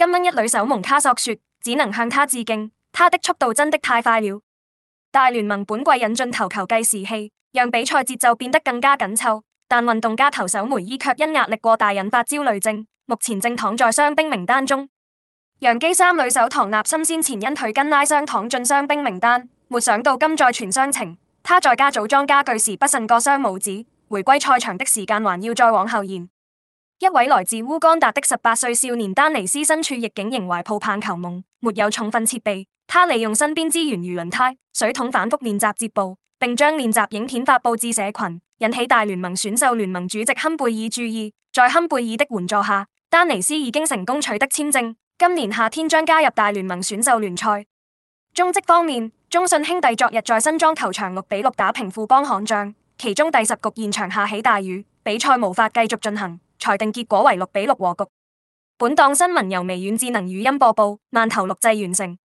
金鶯一壘手蒙卡索說：只能向他致敬，他的速度真的太快了。大聯盟本季引進投球計時器，讓比賽節奏變得更加緊湊。但運動家投手梅伊卻因壓力過大引發焦慮症，目前正躺在傷兵名單中。洋基三壘手唐納森先前因腿筋拉傷躺進傷兵名單，沒想到今再傳傷情。他在家組裝家具時不慎割傷拇指，回歸賽場的時間還要再往後延。一位來自烏干達的十八歲少年丹尼斯身處逆境，仍懷抱棒球夢。沒有充分設備，他利用身邊資源如輪胎、水桶反覆練習接捕，並將練習影片發布至社群，引起大聯盟選秀聯盟主席坎貝爾注意。在坎貝爾的援助下，丹尼斯已經成功取得簽證，今年夏天將加入大聯盟選秀聯賽。中職方面，中信兄弟昨日在新莊球場六比六打平富邦悍將，其中第十局現場下起大雨，比賽無法繼續進行。裁定結果為六比六和局。本檔新聞由微軟智能語音播報，饅頭錄製完成。